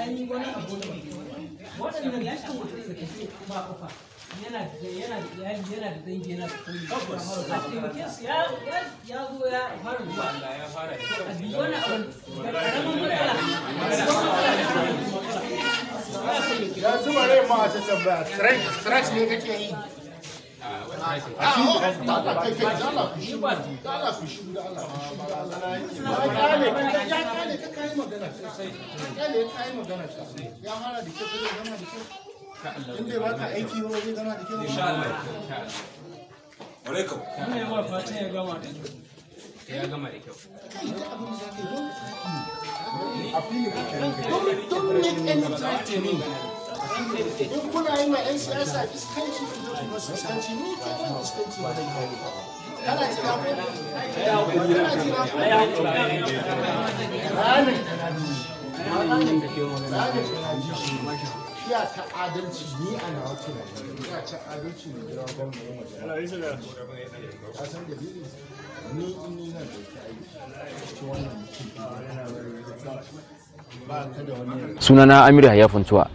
ai wani abu waɗannan mutum da yana da yana da iyali yana da dangi yana da a taimake su ya ya zo ya fara zuwa Allah ya a duk wani abu da karamin matsala ya rai ma a ta tambaya ne kake yi inda da ya da da ba don't make any threat to me in kuna 'yan siyasa iskanci ku su na ta adalci ni a nawa tunani ta sunana amir hayafin tuwa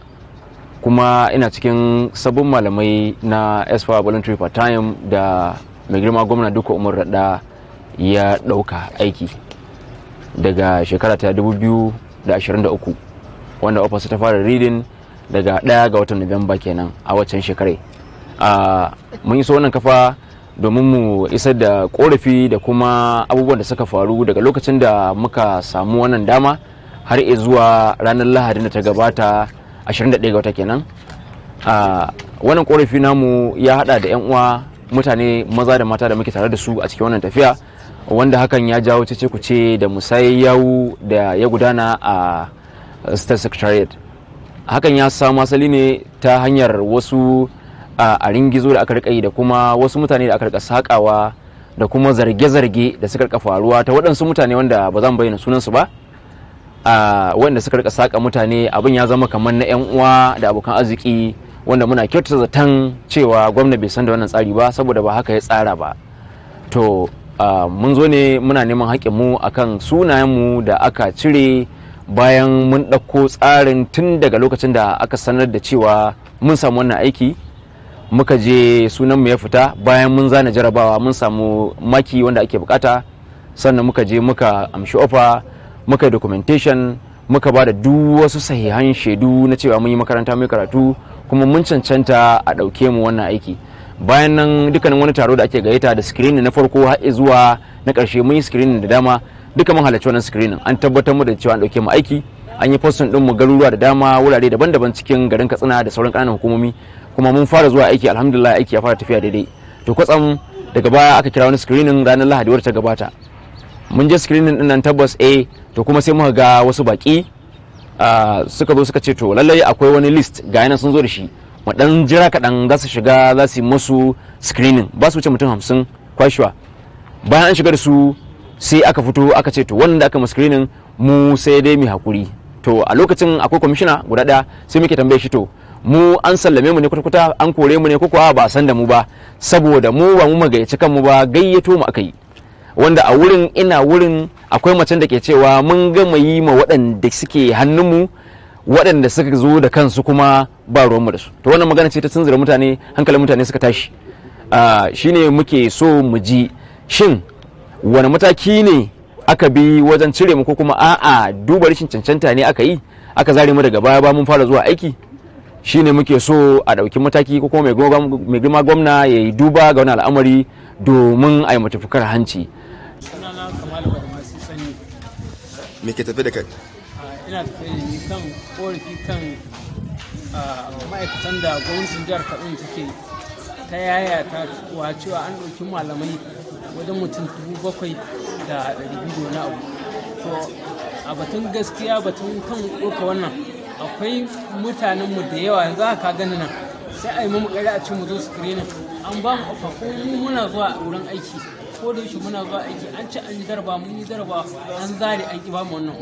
kuma ina cikin sabon malamai na esfa voluntary part time da mai girma gwamna duka umar rada ya dauka aiki daga shekara ta 2023 wanda ofis ta fara reading daga ɗaya ga watan november kenan a waccan shekarai mun iso wannan kafa domin mu isa da korafi da kuma abubuwan da suka faru daga lokacin da muka samu wannan dama har zuwa ranar lahadin da ta gabata 21 ga wata kenan wannan korafi namu ya hada da 'yan uwa mutane maza da mata da muke tare da su a cikin wannan tafiya wanda hakan ya jawo cece kuce da musayi yawu da ya gudana a state secretariat hakan ya samu asali ne ta hanyar wasu a ringizo da aka rika yi da kuma wasu mutane da aka rika sakawa da kuma zarge-zarge da suka faruwa ta waɗansu mutane wanda ba zan bayyana sunansu ba wanda suka rika saka mutane abin ya zama kamar na 'yan uwa da abokan arziki wanda muna kyautata zaton cewa gwamna bai san da wannan tsari ba saboda ba haka ya tsara ba to mun zo ne muna neman haƙƙinmu kan sunayenmu da aka cire bayan mun ɗauko tsarin tun daga lokacin da aka sanar da cewa mun samu wannan aiki muka je sunanmu ya fita bayan mun zana jarabawa mun samu maki wanda ake bukata sannan muka je muka amshi ofa muka yi documentation muka ba da duk wasu sahihan shaidu na cewa mun yi makaranta mai karatu kuma mun cancanta a ɗauke mu wannan aiki bayan nan dukkanin wani taro da ake gayyata da screening na farko har zuwa na ƙarshe mun yi screening da dama duka mun halarci wannan screening an tabbatar mu da cewa an ɗauke mu aiki an yi posting ɗin mu garuruwa da dama wurare daban-daban cikin garin katsina da sauran ƙananan hukumomi kuma mun fara zuwa aiki alhamdulillah aiki ya fara tafiya daidai to kwatsam daga baya aka kira wani screening ranar lahadi wadda ta gabata mun je screening din nan tabbas a eh, to kuma sai muka ga wasu baki ah, suka zo suka ce to lallai akwai wani list ga yana sun zo da shi mu dan jira kaɗan za su shiga za su yi musu screening ba su wuce mutum hamsin kwashewa bayan an shiga da su sai aka fito aka ce to wanda aka mu screening mu sai dai mu hakuri to a lokacin akwai commissioner guda ɗaya sai muke tambaye shi to mu an sallame mu ne kwata-kwata an kore mu ne ko kuwa ba san da mu ba saboda mu ba mu magayyaci kanmu ba gayyato mu aka yi wanda a wurin ina wurin akwai macen da ke cewa mun gama yi ma waɗanda suke hannunmu waɗanda suka zo da kansu kuma ba ruwanmu da su to wannan magana ce ta tunzura mutane hankalin mutane suka tashi ah, shine muke so mu ji shin wani mataki ne aka bi wajen cire mu ko kuma a'a duba rashin cancanta ne aka yi aka zare mu daga baya ba mun fara zuwa aiki Shi ne muke so a ɗauki mataki ko kuma mai girma gwamna ya yi duba ga wani al'amari domin a yi hanci masu tsanani me ke tafi da kai ah, ina tafi da ni kan korafi kan ah, ma'aikatan da gwamnatin jihar kaduna take ta yaya ta wa cewa an ɗauki malamai wajen mutum dubu bakwai da ɗari biyu na abu to a batun gaskiya batun kan ɗauka wannan akwai mutanenmu da yawa yanzu haka gani nan sai a yi mamu ƙari a ce mu zo su an ba mu afa ko muna zuwa a wurin aiki da yake muna zuwa aiki an ci an yi darba mun yi darba an zare an ba mu wannan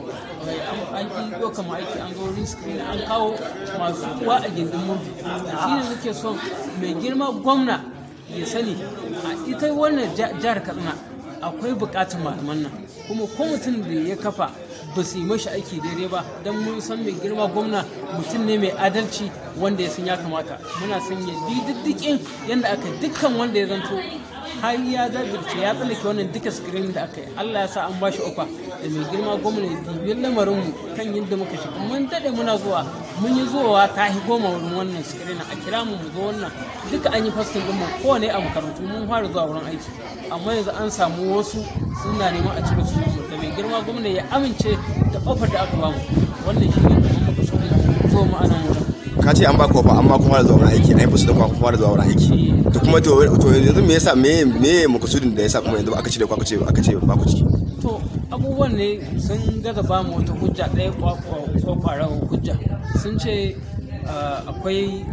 an yi doka mu aiki an zo ni screen an kawo masu uwa a gindin mu shi ne nake son mai girma gwamna ya sani a ita wannan jihar katsina akwai bukatun malaman nan kuma mutum da ya kafa ba su yi mashi aiki daidai ba don mun san mai girma gwamna mutum ne mai adalci wanda ya san ya kamata muna son ya bi yadda aka dukkan wanda ya zanto har ya jajirce ya tsallake wannan duka screen da aka yi Allah ya sa an bashi ofa da mai girma gwamna dibiyar lamarin mu kan yadda muka shi mun dade muna zuwa mun yi zuwa ta hi goma wurin wannan screen a kira mu mu zo wannan duka an yi fasting din mu kowane a makarantu mun fara zuwa wurin aiki amma yanzu an samu wasu suna neman a cire su da mai girma gwamna ya amince da ofar da aka ba mu wannan shi ne kuma muka so mu zo mu da. ka ce an baka ofa amma kuma da zuwa aiki an yi fusu da kuma kuma da zuwa aiki to kuma to yanzu me yasa me me makasudin da yasa kuma yanzu aka ce da kwaku ce aka ce ba ku ciki to abubuwan ne sun gaza ba mu wata hujja ɗaya fara hujja sun ce ah, akwai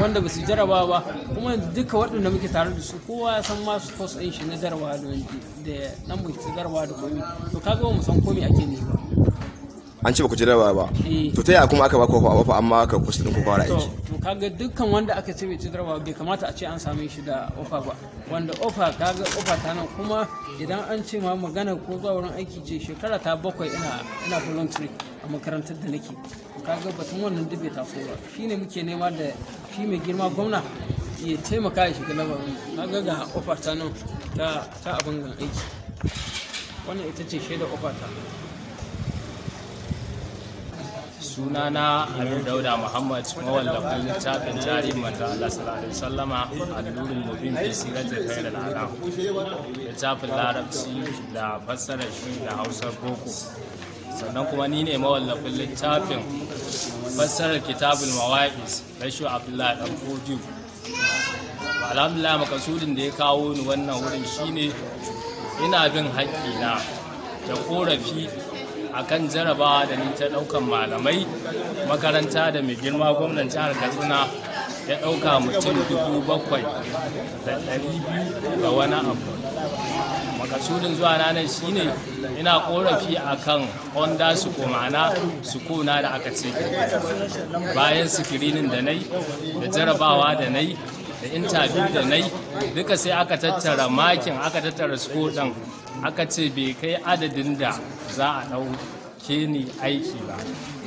wanda ba su jaraba ba kuma duka waɗanda muke tare da su kowa ya san masu kwas ɗin shi na jarabawa da ɗan mutu jarabawa da komi to kaga ba mu san komi ake ne ba an ce ba ku ji jarabawa ba eh. to ta yaya kuma aka ba ku ba fa amma aka kusurin ku fara aiki to kaga dukkan wanda aka ce bai ci jarabawa bai kamata a ce an same shi da ofa ba wanda ofa kaga ofa ta nan kuma idan an ce ma magana ko zuwa wurin aiki ce shekara ta bakwai ina ina voluntary a makarantar da nake kaga batun wannan duk bai taso ba shine muke nema da shi mai girma gwamna ya taimaka ya shiga labarin kaga ga ofa ta nan ta abin gan aiki wannan ita ce shaidar ofa ta sunana Abin dauda muhammad mawallafin littafin tarihin manzo allah sallallahu alaihi wasallama allurin mubin fi siratul khairul alam littafin larabci da fassara shi da hausar boko sannan kuma ni ne mawallafin littafin fassarar kitabul mawa'is rashu abdullahi dan fodiyo alhamdulillah makasudin da ya kawo ni wannan wurin shine ina bin haƙƙina da ƙorafi akan jarabawa da ni ta ɗaukan malamai makaranta da mai girma gwamnan jihar katsina ya ɗauka mutum dubu bakwai da ɗari biyu ga wani abu makasudin zuwa ranar ne ina korafi akan honda su ma'ana su kuna da aka ce bayan sikirinin da nai da jarabawa da nai da intabi da nai duka sai aka tattara makin aka tattara su ɗin aka ce bai kai adadin da za a ɗauke ni aiki ba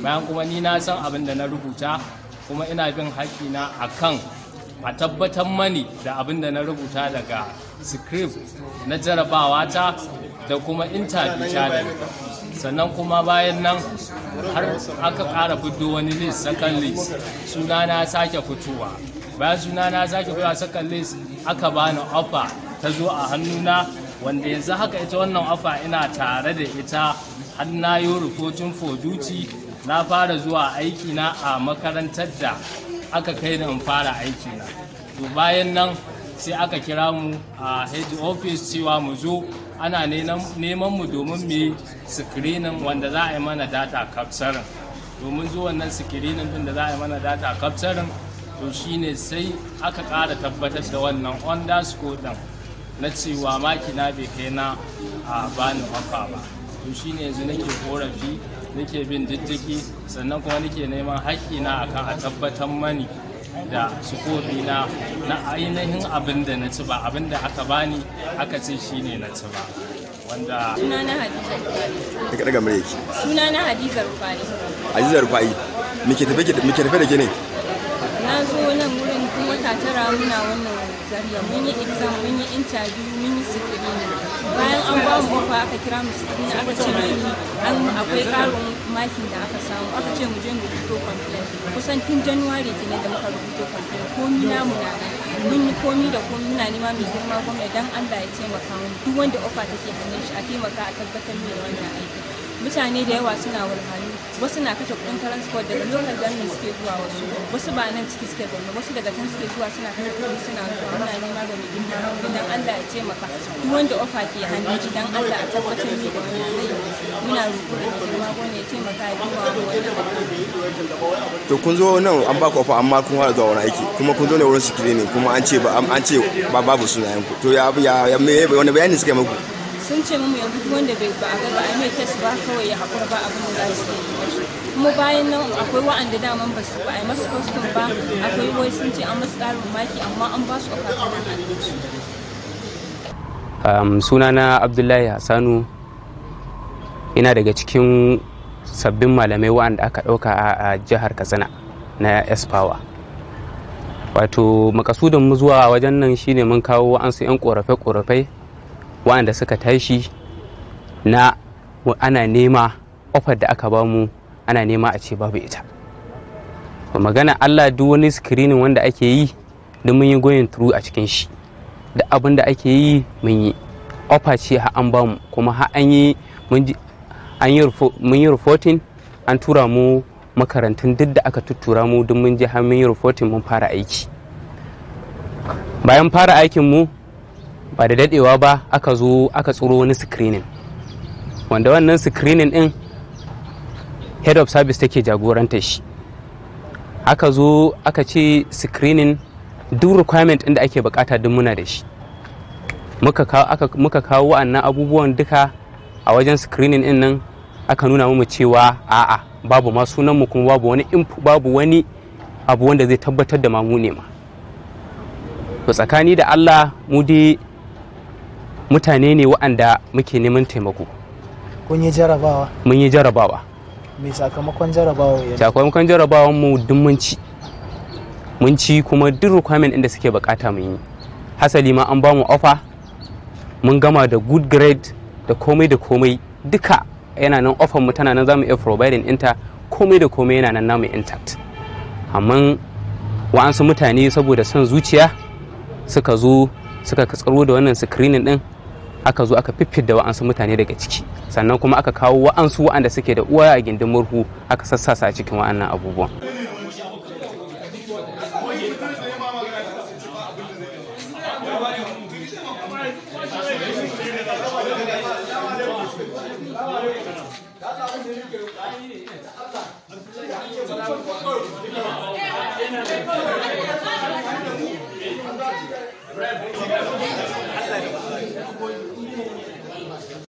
bayan kuma ni na san abin da na rubuta kuma ina bin haƙina a kan a tabbatar mani da abin da na rubuta daga script na jarabawa ta da kuma interview challenge sannan kuma bayan nan har aka ƙara fito wani list second list suna na sake fitowa bayan suna na sake fitowa second list aka bani offer ta zo a hannuna wanda yanzu haka ita wannan afa ina tare da ita har na yi rubutun foduti na fara zuwa aikina a makarantar da aka kai da in fara aikina to bayan nan sai aka kira mu a head office cewa mu zo ana neman mu domin mu yi screening wanda za a yi mana data capturing domin zuwa wannan screening din da za a yi mana data capturing to shine sai aka ƙara tabbatar da wannan underscore din na cewa makina bai kai na a bani haka ba to shine yanzu nake korafi nake bin diddiki sannan kuma nake neman haƙƙina akan a tabbatar mani da sukobi na na ainihin abin da na ci ba abin da aka bani aka ce shi ne na ci ba wanda suna na hadiza rufani. daga daga yake suna na hadiza rufani. hadiza rufani muke tafe da ke ne na zo nan wurin tun wata tara muna wannan zariya mun yi exam mun yi interview mun yi screening bayan an ba mu ofa aka kira mu screening aka ce mani an akwai karin makin da aka samu aka ce mu je mu rubuto complaint kusan tun january kenan da muka rubuto complaint komi mu na mun yi komi da komi muna nema mai girma gwamnati dan Allah ya taimaka mu duk wanda ofa take hannun shi a taimaka a tabbatar mai wannan aikin mutane da yawa suna walhalu wasu na kashe kudin transport daga local government suke zuwa wasu wasu ba nan ciki suke zuwa wasu daga can suke zuwa suna kashe kudi suna zuwa muna nema da mai girma Allah ya taimaka duk wanda ofa ke hannu shi dan Allah a tabbatar ni da wannan muna roƙo da girma gona ya taimaka ya duba to kun zo nan an ba ku ofa amma kun fara zuwa wani aiki kuma kun zo ne wurin sikiri ne kuma an ce ba an ce ba babu sunayen ku to ya ya me wani bayani suke muku sun ce mu yanzu duk wanda bai ba a ga ba a mai test ba kawai ya hakura ba abin da su ke kuma bayan nan akwai wa'anda daman ba su ba a yi masu kwastom ba akwai wai sun ce an masu ƙarin maki amma an ba su a kakanin abinci. Um, sunana abdullahi hassanu ina daga cikin sabbin malamai wa'anda aka ɗauka a jihar katsina na espower wato makasudin mu zuwa wajen nan shine mun kawo wa'ansu 'yan korafe-korafe waɗanda suka tashi na ana nema ofar da aka bamu ana nema a ce babu ita magana allah duk wani screening wanda ake yi da mun yi goyon turu a cikin shi da abin da ake yi mun yi ofa ce ha an bamu kuma ha an yi mun yi reporting an tura mu makarantun duk da aka tuttura mu duk mun je har mun yi reporting mun fara aiki bayan fara aikin mu ba da dadewa ba aka zo aka tsoro wani screening wanda wannan screening din head of service take jagoranta shi aka zo aka ce screening duk requirement inda ake bukata duk muna da shi muka kawo wa'annan abubuwan duka a wajen screening din nan aka nuna mu cewa a'a babu ma sunan mu kuma babu wani babu wani abu wanda zai tabbatar da mamu ne ma tsakani da Allah mu dai mutane ne waɗanda muke neman taimako kun yi jarabawa mun yi jarabawa me sakamakon jarabawa ya sakamakon jarabawan mu duk mun ci mun ci kuma duk requirement inda suke bukata mun yi hasali ma an bamu offer mun gama da good grade da komai da komai duka yana nan offer mu tana nan zamu iya providing inta komai da komai yana nan namu intact amma wa'ansu mutane saboda son zuciya suka zo suka katsaro da wannan screening din aka zo aka fiffida wa'ansu mutane daga ciki sannan kuma aka kawo wa'ansu wa'anda suke da uwa a gindin murhu aka sassasa a cikin wa'annan abubuwan Thank you.